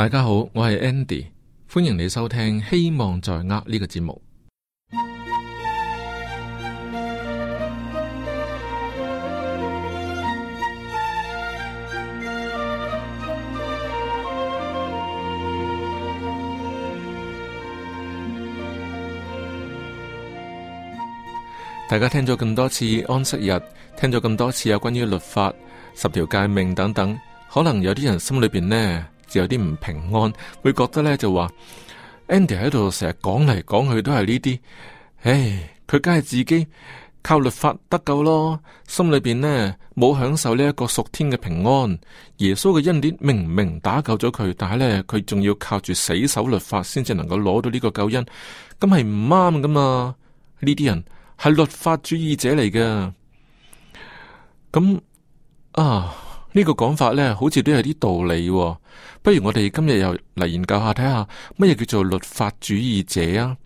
大家好，我係 Andy，歡迎你收聽《希望在握》呢個節目。大家聽咗咁多次安息日，聽咗咁多次有關於律法、十條誡命等等，可能有啲人心裏邊呢，有啲唔平安，會覺得咧就話 Andy 喺度成日講嚟講去都係呢啲，唉、哎，佢梗係自己靠律法得救咯，心裏邊呢冇享受呢一個屬天嘅平安，耶穌嘅恩典明明打救咗佢，但係呢，佢仲要靠住死守律法先至能夠攞到呢個救恩，咁係唔啱噶嘛？呢啲人係律法主義者嚟嘅，咁啊。呢個講法呢，好似都有啲道理，哦。不如我哋今日又嚟研究下，睇下乜嘢叫做律法主義者啊？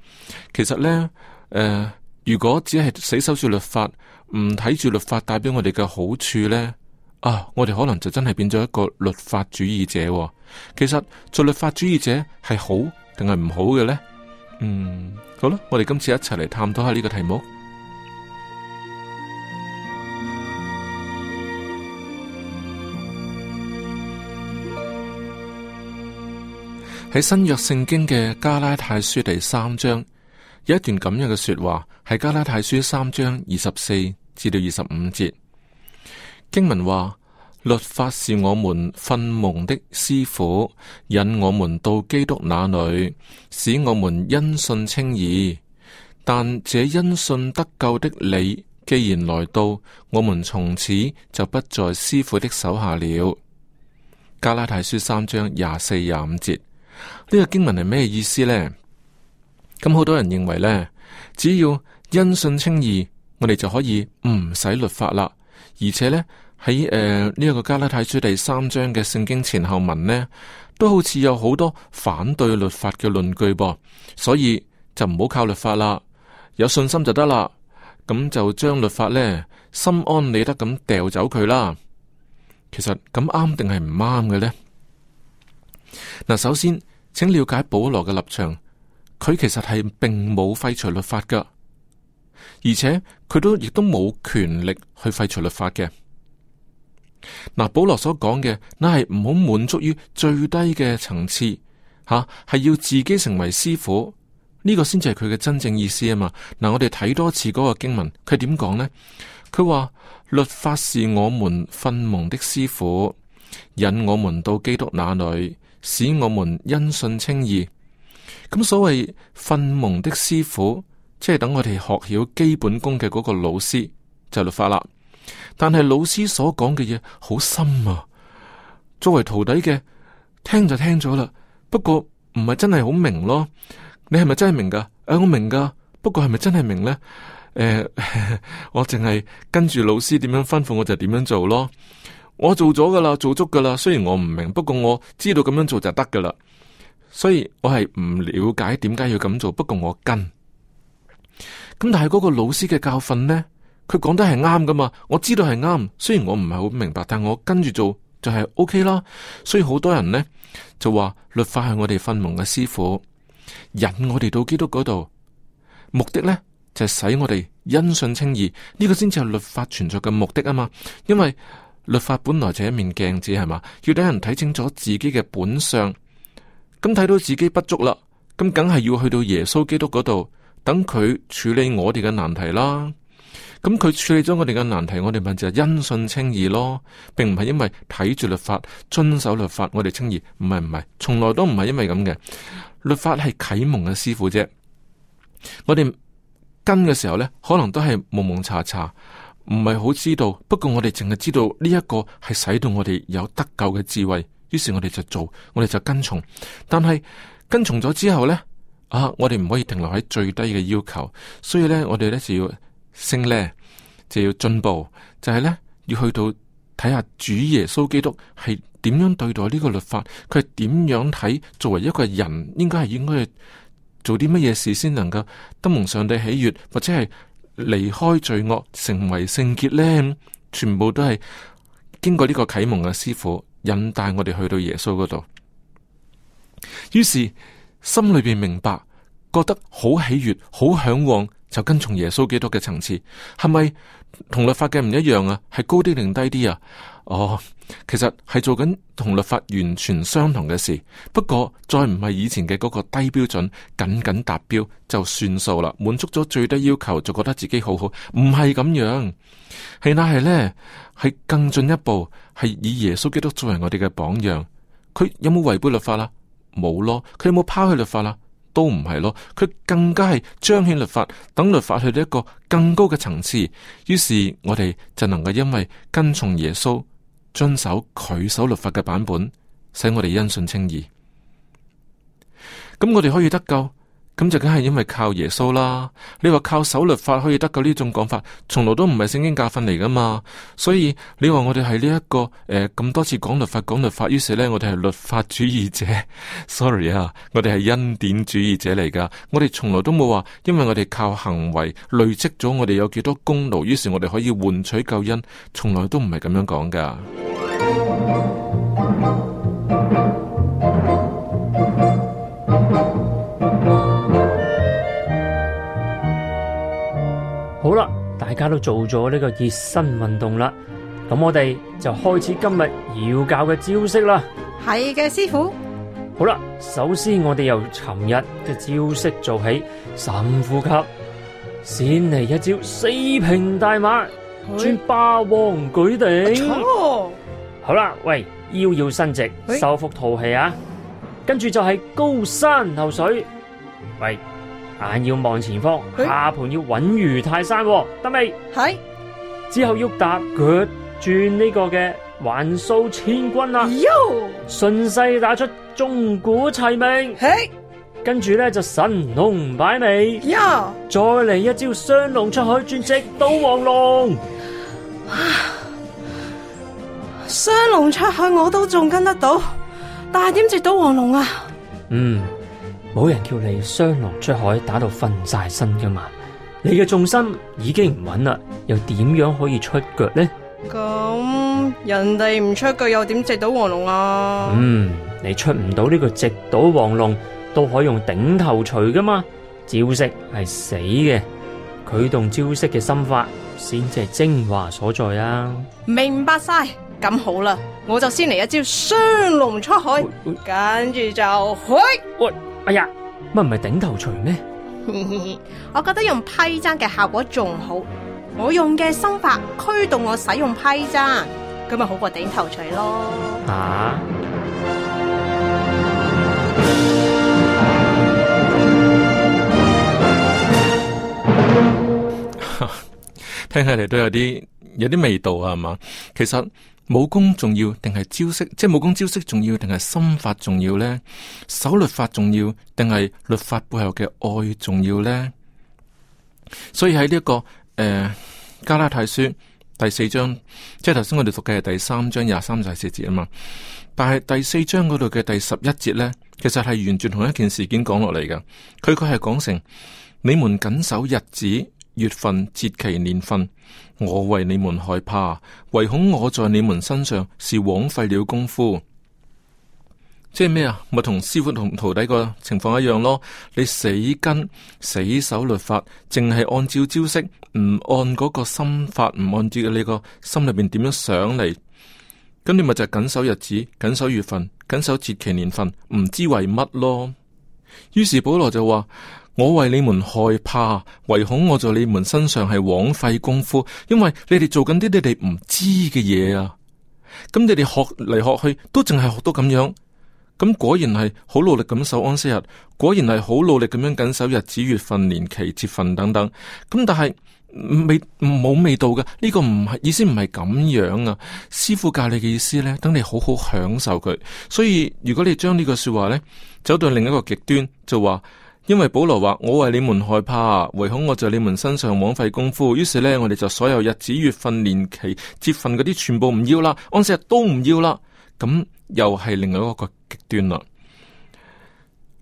其實呢，誒、呃，如果只係死守住律法，唔睇住律法帶畀我哋嘅好處呢，啊，我哋可能就真係變咗一個律法主義者，哦。其實做律法主義者係好定係唔好嘅呢？嗯，好啦，我哋今次一齊嚟探討下呢個題目。喺新約聖經嘅加拉太書第三章有一段咁樣嘅說話，係加拉太書三章二十四至到二十五節經文話：律法是我們訓蒙的師傅，引我們到基督那裏，使我們因信稱義。但這因信得救的理，既然來到，我們從此就不在師傅的手下了。加拉太書三章廿四廿五節。呢個經文係咩意思呢？咁好多人認為呢，只要因信稱義，我哋就可以唔使律法啦。而且呢，喺誒呢一個加拉太書第三章嘅聖經前後文呢，都好似有好多反對律法嘅論據噃，所以就唔好靠律法啦，有信心就得啦。咁就將律法呢，心安理得咁掉走佢啦。其實咁啱定係唔啱嘅呢？嗱，首先。請了解保羅嘅立場，佢其實係並冇廢除律法噶，而且佢都亦都冇權力去廢除律法嘅。嗱，保羅所講嘅，那係唔好滿足於最低嘅層次，吓、啊，係要自己成為師傅，呢、這個先至係佢嘅真正意思啊嘛。嗱、啊，我哋睇多次嗰個經文，佢點講呢？佢話律法是我們訓蒙的師傅，引我們到基督那裏，使我們因信稱義。咁所謂訓蒙的師傅，即係等我哋學曉基本功嘅嗰個老師就係、律法啦。但係老師所講嘅嘢好深啊。作為徒弟嘅，聽就聽咗啦。不過唔係真係好明咯。你係咪真係明噶？誒、啊，我明噶。不過係咪真係明呢？誒、欸， 我淨係跟住老師點樣吩咐我就點樣做咯。我做咗噶啦，做足噶啦。雖然我唔明，不過我知道咁樣做就得噶啦。所以我係唔了解點解要咁做，不過我跟。咁但係嗰個老師嘅教訓呢？佢講得係啱噶嘛？我知道係啱，雖然我唔係好明白，但我跟住做就係 OK 啦。所以好多人呢就話律法係我哋訓蒙嘅師傅，引我哋到基督嗰度，目的呢就係、是、使我哋因信稱義。呢、這個先至係律法存在嘅目的啊嘛，因為。律法本來就係一面鏡子係嘛，要等人睇清楚自己嘅本相，咁睇到自己不足啦，咁梗係要去到耶穌基督嗰度，等佢處理我哋嘅難題啦。咁佢處理咗我哋嘅難題，我哋咪就係因信稱義咯，並唔係因為睇住律法遵守律法，我哋稱義。唔係唔係，從來都唔係因為咁嘅。律法係啟蒙嘅師傅啫，我哋跟嘅時候呢，可能都係蒙蒙查查。唔係好知道，不過我哋淨係知道呢一個係使到我哋有得救嘅智慧，於是我哋就做，我哋就跟從。但係跟從咗之後呢，啊，我哋唔可以停留喺最低嘅要求，所以呢，我哋呢就要升呢，就要進步，就係呢，要去到睇下主耶穌基督係點樣對待呢個律法，佢係點樣睇，作為一個人應該係應該做啲乜嘢事先能夠得蒙上帝喜悅，或者係。離開罪惡，成為聖潔呢，全部都係經過呢個啟蒙嘅師傅引帶我哋去到耶穌嗰度。於是心裏邊明白，覺得好喜悅、好向往，就跟從耶穌基督嘅層次，係咪？同律法嘅唔一樣啊，係高啲定低啲啊？哦，其實係做緊同律法完全相同嘅事，不過再唔係以前嘅嗰個低標準，僅僅達標就算數啦，滿足咗最低要求就覺得自己好好，唔係咁樣，係那係呢，係更進一步，係以耶穌基督作為我哋嘅榜樣。佢有冇違背律法啦？冇咯。佢有冇拋棄律法啦？都唔係咯，佢更加係彰顯律法，等律法去到一個更高嘅層次。於是我哋就能夠因為跟從耶穌，遵守佢守律法嘅版本，使我哋因信稱義。咁我哋可以得救。咁就梗係因為靠耶穌啦！你話靠守律法可以得到呢種講法，從來都唔係聖經教訓嚟噶嘛！所以你話我哋係呢一個誒咁、呃、多次講律法講律法，於是呢，我哋係律法主義者。sorry 啊，我哋係恩典主義者嚟噶。我哋從來都冇話，因為我哋靠行為累積咗我哋有幾多功勞，於是我哋可以換取救恩。從來都唔係咁樣講噶。 好啦，大家都做咗呢個熱身運動啦，咁我哋就開始今日要教嘅招式啦。係嘅，師傅。好啦，首先我哋由尋日嘅招式做起，深呼吸，先嚟一招四平大馬轉喂霸王舉地。唉好啦，喂，腰要伸直，收腹喂吐氣啊。跟住就係高山流水，喂。眼要望前方，哎、下盤要穩如泰山，哦，得未？係是之後要踏腳轉呢個嘅橫掃千軍啦，啊，順勢呯打出鐘鼓齊鳴，跟住咧就神龍擺尾，Yeah! 再嚟一招雙龍出海轉直搗黃龍。雙龍出海我都仲跟得到，但係點直搗黃龍啊？嗯。冇人叫你雙龍出海打到瞓晒身噶嘛？你嘅重心已經唔穩啦，又點樣可以出腳呢？咁人哋唔出腳又點直到黃龍啊？嗯，你出唔到呢個直到黃龍，都可以用頂頭錘噶嘛？招式係死嘅，驅動招式嘅心法先至係精華所在啊！明白晒，咁好啦，我就先嚟一招雙龍出海，跟住就去。喂哎呀，乜唔係頂頭錘咩？ 我覺得用批踭嘅效果仲好，我用嘅心法驅動我使用批踭，咁咪好過頂頭錘咯。啊？ 聽起嚟都有啲有啲味道啊，係嘛，其實。武功重要定係招式，即係武功招式重要定係心法重要呢？守律法重要定係律法背後嘅愛重要呢？所以喺呢一個誒、呃、加拉太書第四章，即係頭先我哋讀嘅係第三章廿三就係四節啊嘛。但係第四章嗰度嘅第十一節呢，其實係完全同一件事件講落嚟嘅。佢佢係講成你們謹守日子。月份、節期、年份，我為你們害怕，唯恐我在你們身上是枉費了功夫。即係咩啊？咪同師傅同徒弟個情況一樣咯。你死跟死守律法，淨係按照招式，唔按嗰個心法，唔按照你個心裏邊點樣上嚟，咁你咪就係緊守日子，緊守月份，緊守節期、年份，唔知為乜咯。於是保羅就話。我為你們害怕，唯恐我在你們身上係枉費功夫，因為你哋做緊啲你哋唔知嘅嘢啊！咁你哋學嚟學去都淨係學到咁樣，咁果然係好努力咁守安息日，果然係好努力咁樣緊守日子、月份、年期、節份等等，咁但係未冇味道嘅，呢、這個唔係意思唔係咁樣啊！師傅教你嘅意思呢，等你好好享受佢。所以如果你將呢句說話呢走到另一個極端，就話。因為保羅話：我為你們害怕，唯恐我在你們身上枉費功夫。於是呢，我哋就所有日子、月份、年期、節份嗰啲，全部唔要啦，安息日都唔要啦。咁又係另外一個,個極端啦。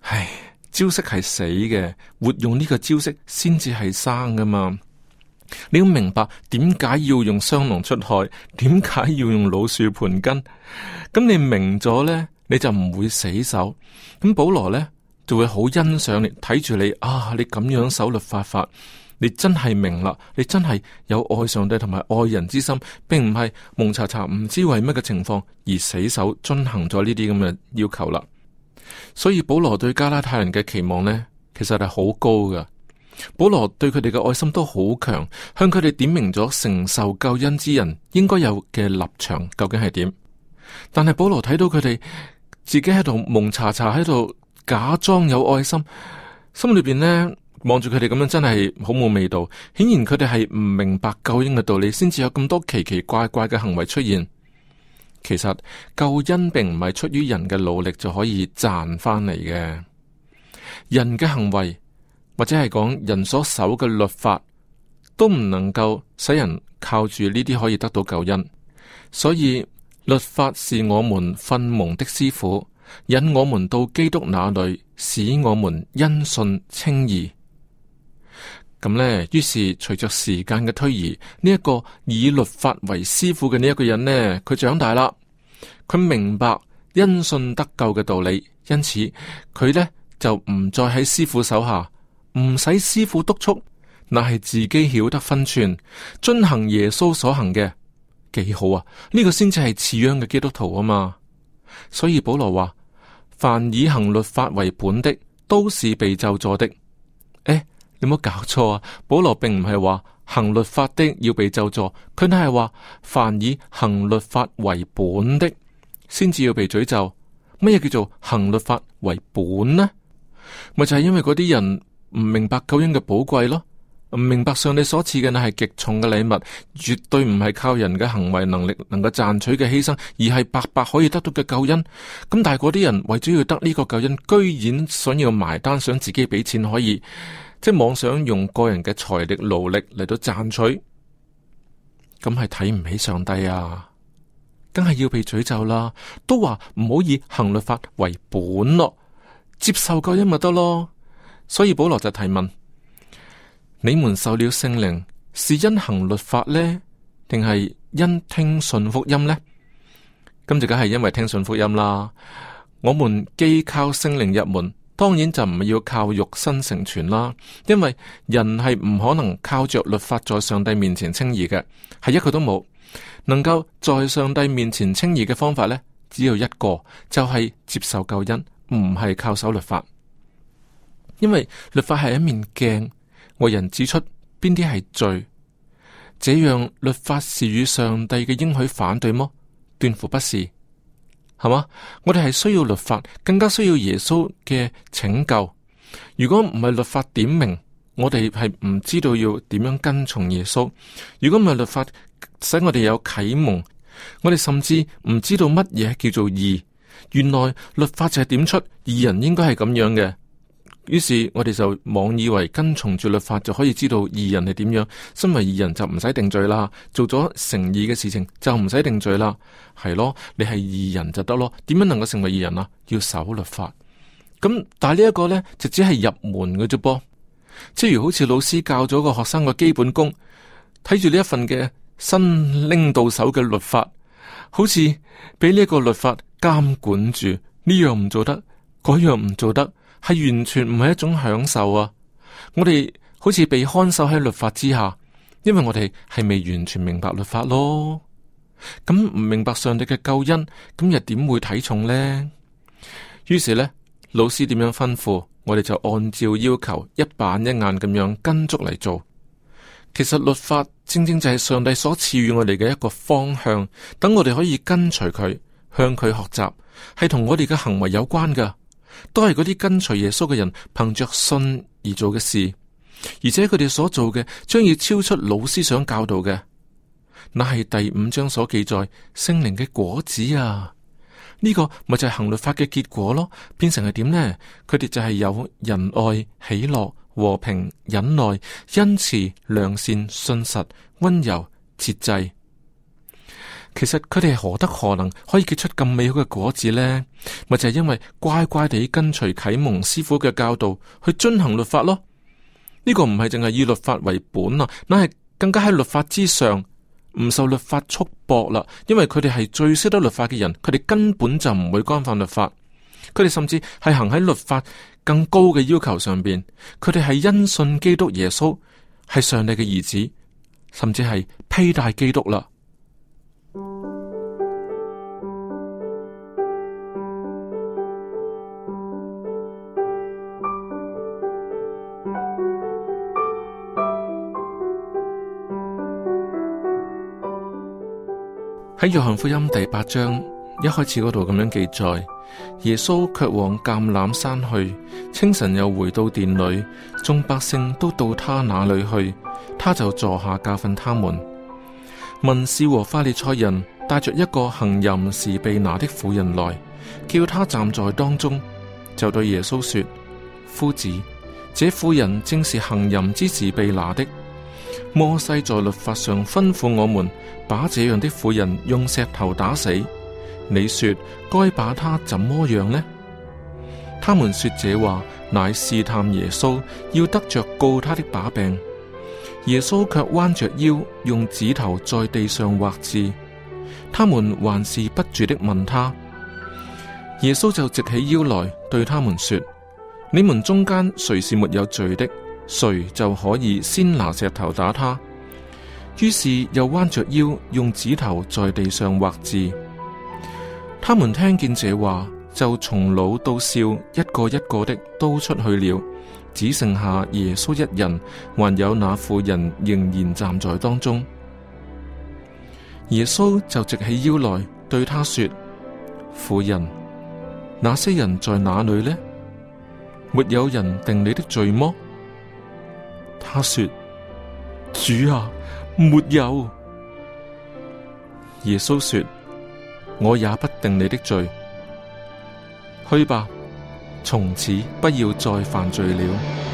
唉，招式係死嘅，活用呢個招式先至係生噶嘛。你要明白點解要用雙龍出海，點解要用老樹盤根。咁你明咗呢，你就唔會死守。咁保羅呢。就會好欣賞你，睇住你啊！你咁樣守律法法，你真係明啦，你真係有愛上帝同埋愛人之心，並唔係蒙查查唔知為乜嘅情況而死守遵行咗呢啲咁嘅要求啦。所以保羅對加拉太人嘅期望呢，其實係好高噶保羅對佢哋嘅愛心都好強，向佢哋點明咗承受救恩之人應該有嘅立場究竟係點。但係保羅睇到佢哋自己喺度蒙查查喺度，假裝有愛心，心裏邊呢，望住佢哋咁樣，真係好冇味道。顯然佢哋係唔明白救恩嘅道理，先至有咁多奇奇怪怪嘅行為出現。其實救恩並唔係出於人嘅努力就可以賺翻嚟嘅。人嘅行為或者係講人所守嘅律法，都唔能夠使人靠住呢啲可以得到救恩。所以律法是我們訓蒙的師傅。引我們到基督那裏，使我們因信稱義。咁呢，於是隨着時間嘅推移，呢一個以律法為師傅嘅呢一個人呢，佢長大啦，佢明白因信得救嘅道理，因此佢呢就唔再喺師傅手下，唔使師傅督促，乃係自己曉得分寸，遵行耶穌所行嘅，幾好啊！呢個先至係似樣嘅基督徒啊嘛，所以保羅話。凡以行律法為本的，都是被咒詛的。誒，你冇搞錯啊！保羅並唔係話行律法的要被咒詛，佢都係話凡以行律法為本的，先至要被詛咒。乜嘢叫做行律法為本呢？咪就係因為嗰啲人唔明白救恩嘅寶貴咯。唔明白上帝所賜嘅係極重嘅禮物，絕對唔係靠人嘅行為能力能夠賺取嘅犧牲，而係白白可以得到嘅救恩。咁但係啲人為咗要得呢個救恩，居然想要埋單，想自己俾錢可以，即係妄想用個人嘅財力勞力嚟到賺取，咁係睇唔起上帝啊！梗係要被詛咒啦！都話唔好以行律法為本咯，接受救恩咪得咯。所以保羅就提問。你們受了聖靈，是因行律法呢，定係因聽信福音呢？咁就梗係因為聽信福音啦。我們既靠聖靈入門，當然就唔要靠肉身成全啦。因為人係唔可能靠着律法在上帝面前稱義嘅，係一個都冇。能夠在上帝面前稱義嘅方法呢，只有一個，就係、是、接受救恩，唔係靠守律法。因為律法係一面鏡。為人指出邊啲係罪，這樣律法是與上帝嘅應許反對麼？斷乎不是，係嘛？我哋係需要律法，更加需要耶穌嘅拯救。如果唔係律法點明，我哋係唔知道要點樣跟從耶穌。如果唔係律法使我哋有啟蒙，我哋甚至唔知道乜嘢叫做義。原來律法就係點出義人應該係咁樣嘅。於是我哋就妄以為跟從住律法就可以知道義人係點樣。身為義人就唔使定罪啦，做咗成義嘅事情就唔使定罪啦，係咯。你係義人就得咯。點樣能夠成為義人啊？要守律法。咁但係呢一個呢，就只係入門嘅啫噃。即如好似老師教咗個學生個基本功，睇住呢一份嘅新拎到手嘅律法，好似俾呢一個律法監管住，呢樣唔做得，嗰樣唔做得。係完全唔係一種享受啊！我哋好似被看守喺律法之下，因為我哋係未完全明白律法咯。咁唔明白上帝嘅救恩，咁又點會睇重呢？於是呢，老師點樣吩咐，我哋就按照要求一板一眼咁樣跟足嚟做。其實律法正正就係上帝所賜予我哋嘅一個方向，等我哋可以跟隨佢，向佢學習，係同我哋嘅行為有關噶。都係嗰啲跟隨耶穌嘅人，憑着信而做嘅事，而且佢哋所做嘅將要超出老師想教導嘅。那係第五章所記載聖靈嘅果子啊，呢個咪就係行律法嘅結果咯？變成係點呢？佢哋就係有仁愛、喜樂、和平、忍耐、恩慈、良善、信實、温柔、節制。其實佢哋何德何能可以結出咁美好嘅果子呢？咪就係、是、因為乖乖地跟隨啟蒙師傅嘅教導去遵行律法咯。呢、這個唔係淨係以律法為本啊，乃係更加喺律法之上，唔受律法束縛啦。因為佢哋係最識得律法嘅人，佢哋根本就唔會干犯律法。佢哋甚至係行喺律法更高嘅要求上邊。佢哋係因信基督耶穌係上帝嘅兒子，甚至係披戴基督啦。喺約翰福音第八章一開始嗰度咁樣記載，耶穌卻往橄欖山去，清晨又回到殿裏，眾百姓都到他那裏去，他就坐下教訓他們。文士和法利賽人帶着一個行淫時被拿的婦人來，叫他站在當中，就對耶穌說：夫子，這婦人正是行淫之時被拿的。摩西在律法上吩咐我們，把這樣的婦人用石頭打死。你說該把他怎麼樣呢？他們說這話，乃試探耶穌，要得着告他的把柄。耶穌卻彎着腰，用指頭在地上畫字。他們還是不住的問他，耶穌就直起腰來，對他們說：你們中間誰是沒有罪的？誰就可以先拿石頭打他？於是又彎着腰，用指頭在地上畫字。他們聽見這話，就從老到少，一個一個的都出去了，只剩下耶穌一人，還有那婦人仍然站在當中。耶穌就直起腰來對他說：婦人，那些人在哪裏呢？沒有人定你的罪嗎？他說：主啊，沒有。耶穌說：我也不定你的罪。去吧，從此不要再犯罪了。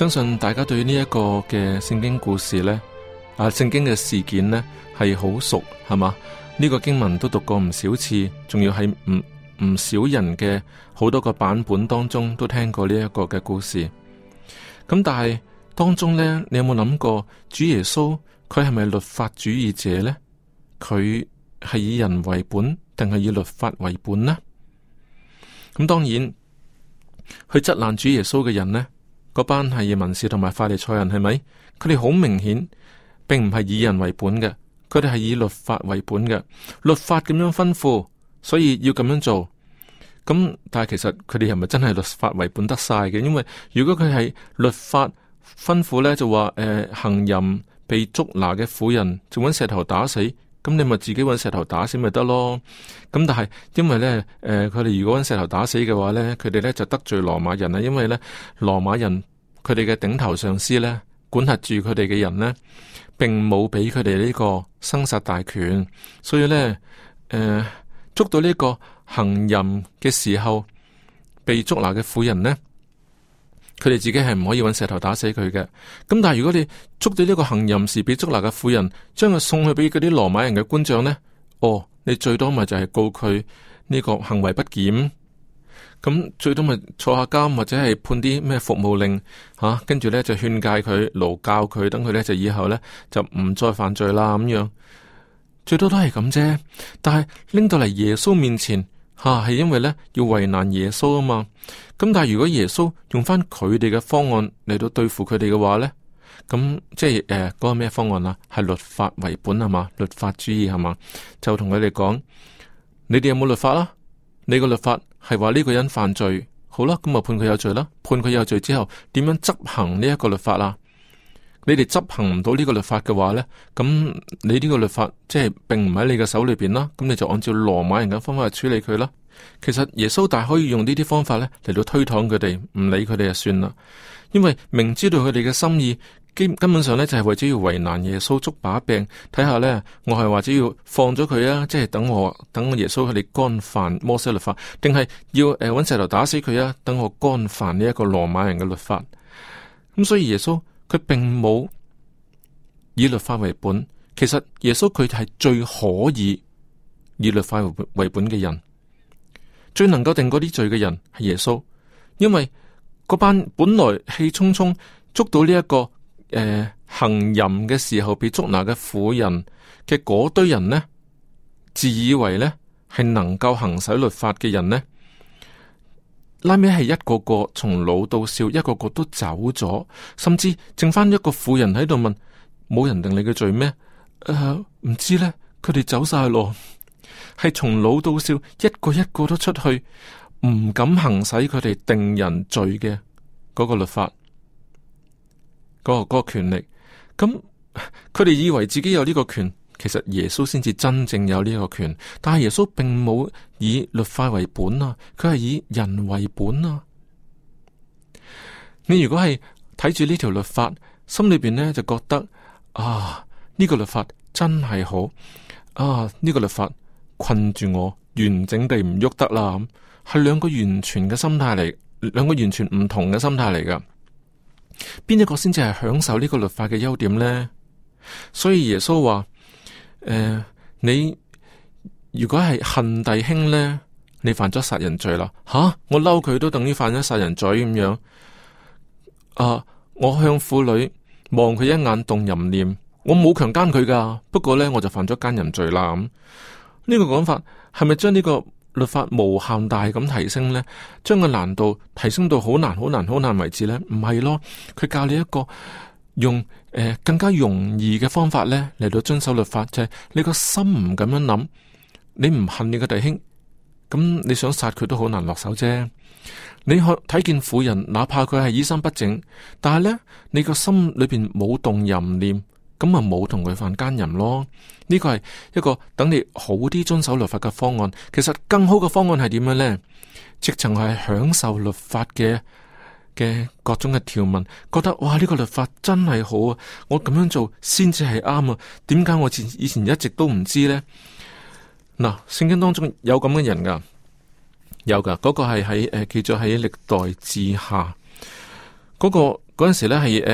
相信大家對呢一個嘅聖經故事呢，啊，聖經嘅事件呢，係好熟，係嘛？呢個經文都讀過唔少次，仲要係唔唔少人嘅好多個版本當中都聽過呢一個嘅故事。咁、嗯、但係當中呢，你有冇諗過主耶穌佢係咪律法主義者呢？佢係以人為本定係以律法為本呢？咁、嗯、當然去質難主耶穌嘅人呢。嗰班係民事同埋法利賽人係咪？佢哋好明顯，並唔係以人為本嘅，佢哋係以律法為本嘅。律法咁樣吩咐，所以要咁樣做。咁但係其實佢哋係咪真係律法為本得晒嘅？因為如果佢係律法吩咐咧，就話誒、呃，行淫被捉拿嘅婦人，就揾石頭打死，咁你咪自己揾石頭打死咪得咯？咁但係因為咧，誒、呃，佢哋如果揾石頭打死嘅話咧，佢哋咧就得罪羅馬人啊，因為咧羅馬人。佢哋嘅頂頭上司呢，管轄住佢哋嘅人呢，並冇俾佢哋呢個生殺大權，所以呢，誒、呃，捉到呢個行淫嘅時候被捉拿嘅婦人呢，佢哋自己係唔可以揾石頭打死佢嘅。咁但係如果你捉到呢個行淫時被捉拿嘅婦人，將佢送去俾嗰啲羅馬人嘅官長呢，哦，你最多咪就係告佢呢個行為不檢。咁最多咪坐下監，或者係判啲咩服務令吓，跟住咧就勸戒佢、勞教佢，等佢咧就以後咧就唔再犯罪啦。咁樣最多都係咁啫。但係拎到嚟耶穌面前吓，係、啊、因為咧要為難耶穌啊嘛。咁但係如果耶穌用翻佢哋嘅方案嚟到對付佢哋嘅話咧，咁、啊、即係誒嗰個咩方案啦？係律法為本係嘛？律法主義係嘛？就同佢哋講，你哋有冇律法啊？你個律法？係話呢個人犯罪，好啦，咁啊判佢有罪啦，判佢有罪之後，點樣執行呢一個律法啊？你哋執行唔到呢個律法嘅話呢，咁你呢個律法即係並唔喺你嘅手裏邊啦，咁你就按照羅馬人嘅方法去處理佢啦。其實耶穌大可以用呢啲方法呢嚟到推搪佢哋，唔理佢哋就算啦，因為明知道佢哋嘅心意。根根本上咧，就係為咗要為難耶穌捉把柄。睇下咧。我係話只要放咗佢啊，即係等我等我耶穌佢哋干犯摩西律法，定係要誒揾石頭打死佢啊？等我干犯呢一個羅馬人嘅律法。咁所以耶穌佢並冇以律法為本。其實耶穌佢係最可以以律法為本嘅人，最能夠定嗰啲罪嘅人係耶穌，因為嗰班本來氣沖沖捉到呢一個。誒、呃，行淫嘅時候被捉拿嘅婦人嘅嗰堆人呢，自以為呢係能夠行使律法嘅人呢，拉尾係一個個從老到少，一個個都走咗，甚至剩翻一個婦人喺度問，冇人定你嘅罪咩？唔、呃、知呢，佢哋走晒囉，係 從老到少一個一個都出去，唔敢行使佢哋定人罪嘅嗰個律法。個個權力，咁佢哋以為自己有呢個權，其實耶穌先至真正有呢個權，但係耶穌並冇以律法為本啊，佢係以人為本啊。你如果係睇住呢條律法，心裏邊呢就覺得啊，呢個律法真係好啊，呢個律法困住我，完整地唔喐得啦，咁係兩個完全嘅心態嚟，兩個完全唔同嘅心態嚟噶。邊一個先至係享受呢個律法嘅優點呢？所以耶穌話：誒、呃，你如果係恨弟兄呢，你犯咗殺人罪啦吓、啊。我嬲佢都等於犯咗殺人罪咁樣啊。我向婦女望佢一眼，動淫念，我冇強奸佢噶，不過呢，我就犯咗奸淫罪啦。咁、這、呢個講法係咪將呢、這個？律法無限大咁提升呢，將個難度提升到好難、好難、好難為止呢。唔係咯，佢教你一個用誒、呃、更加容易嘅方法呢嚟到遵守律法，就係、是、你個心唔咁樣諗，你唔恨你個弟兄，咁你想殺佢都好難落手啫。你看睇見婦人，哪怕佢係衣衫不整，但係呢，你個心裏邊冇動淫念。咁啊，冇同佢犯奸淫咯。呢個係一個等你好啲遵守律法嘅方案。其實更好嘅方案係點樣呢？直情係享受律法嘅嘅各種嘅條文，覺得哇，呢個律法真係好啊！我咁樣做先至係啱啊！點解我前以前一直都唔知呢？嗱，聖經當中有咁嘅人噶，有噶嗰個係喺誒，叫做喺歷代之下嗰個嗰陣時咧係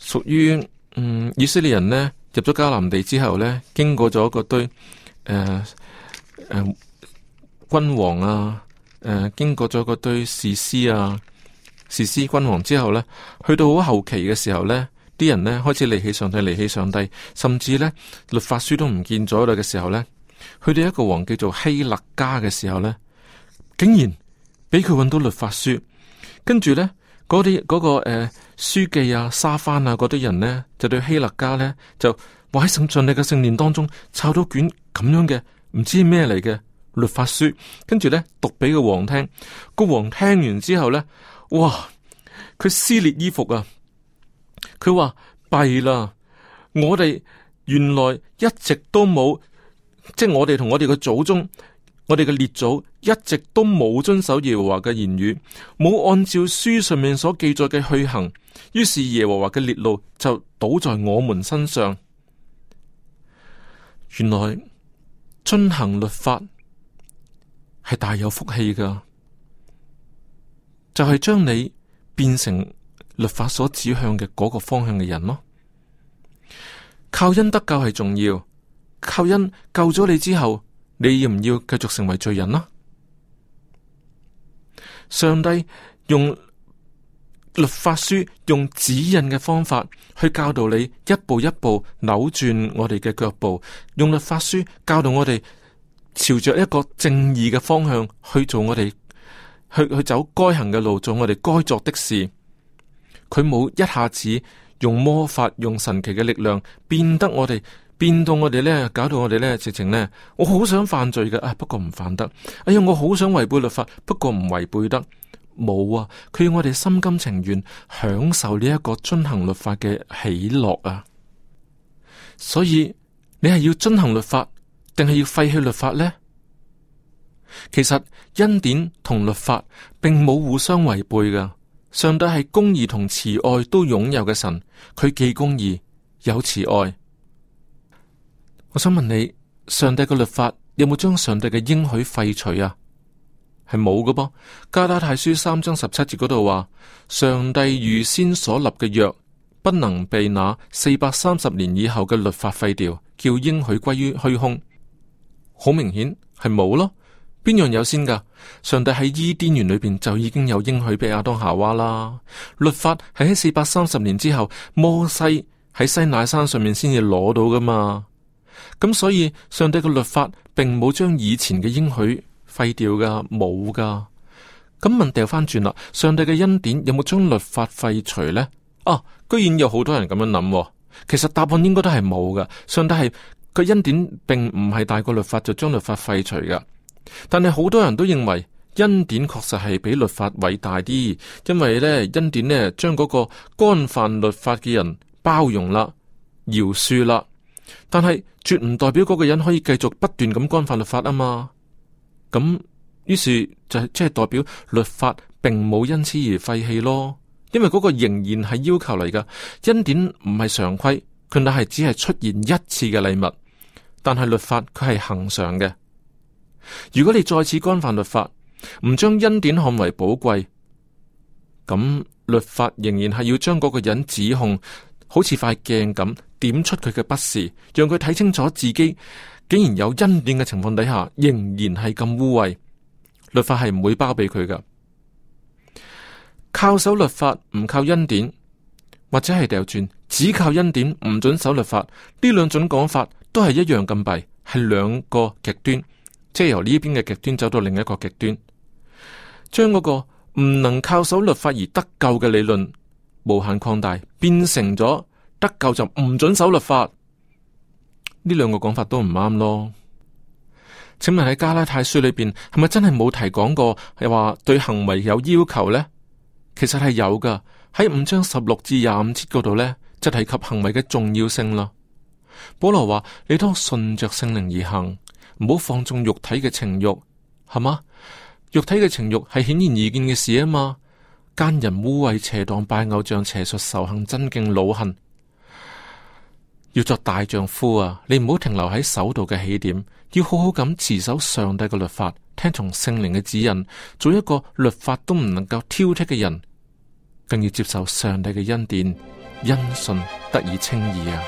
誒屬於。嗯，以色列人呢，入咗迦南地之後呢，經過咗嗰堆誒誒、呃呃、君王啊、誒、呃、經過咗嗰堆士師啊，士師君王之後呢，去到好後期嘅時候呢，啲人呢開始離棄上帝，離棄上帝，甚至呢，律法書都唔見咗啦嘅時候呢，去到一個王叫做希勒家嘅時候呢，竟然俾佢搵到律法書，跟住呢。嗰啲嗰個誒、呃、書記啊、沙番啊嗰啲人呢，就對希勒家呢，就話喺聖盡力嘅聖殿當中抄到卷咁樣嘅唔知咩嚟嘅律法書，跟住咧讀俾個王聽，個王聽完之後呢，哇！佢撕裂衣服啊！佢話弊啦，我哋原來一直都冇，即、就、係、是、我哋同我哋嘅祖宗。我哋嘅列祖一直都冇遵守耶和華嘅言語，冇按照書上面所記載嘅去行，於是耶和華嘅烈怒就倒在我們身上。原來遵行律法係大有福氣噶，就係、是、將你變成律法所指向嘅嗰個方向嘅人咯。靠恩得救係重要，靠恩救咗你之後，你要唔要繼續成為罪人啦？上帝用律法書用指引嘅方法去教導你一步一步扭轉我哋嘅腳步，用律法書教導我哋朝着一個正義嘅方向去做我哋去去走該行嘅路，做我哋該做的事。佢冇一下子用魔法、用神奇嘅力量變得我哋。變到我哋咧，搞到我哋咧，直情咧，我好想犯罪嘅。啊，不過唔犯得。哎呀，我好想違背律法，不過唔違背得。冇啊，佢要我哋心甘情願享受呢一個遵行律法嘅喜樂啊。所以你係要遵行律法，定係要廢棄律法呢？其實恩典同律法並冇互相違背噶。上帝係公義同慈愛都擁有嘅神，佢既公義，有慈愛。我想問你，上帝嘅律法有冇將上帝嘅應許廢除啊？係冇噶噃。加拉太書三章十七節嗰度話，上帝預先所立嘅約不能被那四百三十年以後嘅律法廢掉，叫應許歸於虛空。好明顯係冇咯。邊樣有先噶？上帝喺伊甸園裏邊就已經有應許俾亞當夏娃啦。律法係喺四百三十年之後，摩西喺西乃山上面先至攞到噶嘛。咁所以，上以，上帝嘅律法並冇將以前嘅應許廢掉噶，冇噶。咁問掉翻轉啦，上帝嘅恩典有冇將律法廢除呢？啊，居然有好多人咁樣諗、哦。其實答案應該都係冇噶。上帝係佢恩典，並唔係大過律法就將律法廢除噶。但係好多人都認為恩典確實係比律法偉大啲，因為呢恩典呢將嗰個干犯律法嘅人包容啦，饒恕啦。但係，絕唔代表嗰個人可以繼續不斷咁干犯律法啊嘛！咁於是就係即係代表律法並冇因此而廢棄咯，因為嗰個仍然係要求嚟㗎。恩典唔係常規，佢那係只係出現一次嘅禮物。但係律法佢係恆常嘅。如果你再次干犯律法，唔將恩典看為寶貴，咁律法仍然係要將嗰個人指控，好似塊鏡咁。點出佢嘅不是，讓佢睇清楚自己竟然有恩典嘅情況底下，仍然係咁污穢，律法係唔會包庇佢噶。靠守律法唔靠恩典，或者係掉轉只靠恩典唔准守律法，呢兩種講法都係一樣咁弊，係兩個極端，即係由呢邊嘅極端走到另一個極端，將嗰個唔能靠守律法而得救嘅理論無限擴大，變成咗。得救就唔准守律法，呢兩個講法都唔啱咯。請問喺加拉太書裏邊係咪真係冇提講過係話對行為有要求呢？其實係有噶喺五章十六至廿五節嗰度呢，就提及行為嘅重要性啦。保羅話你當順着聖靈而行，唔好放縱肉體嘅情慾，係嘛？肉體嘅情慾係顯然易見嘅事啊嘛。奸人污穢、邪蕩、拜偶像、邪術、仇恨、爭競、老恨。要做大丈夫啊！你唔好停留喺手度嘅起點，要好好咁持守上帝嘅律法，聽從聖靈嘅指引，做一個律法都唔能夠挑剔嘅人，更要接受上帝嘅恩典，因信得以稱義啊！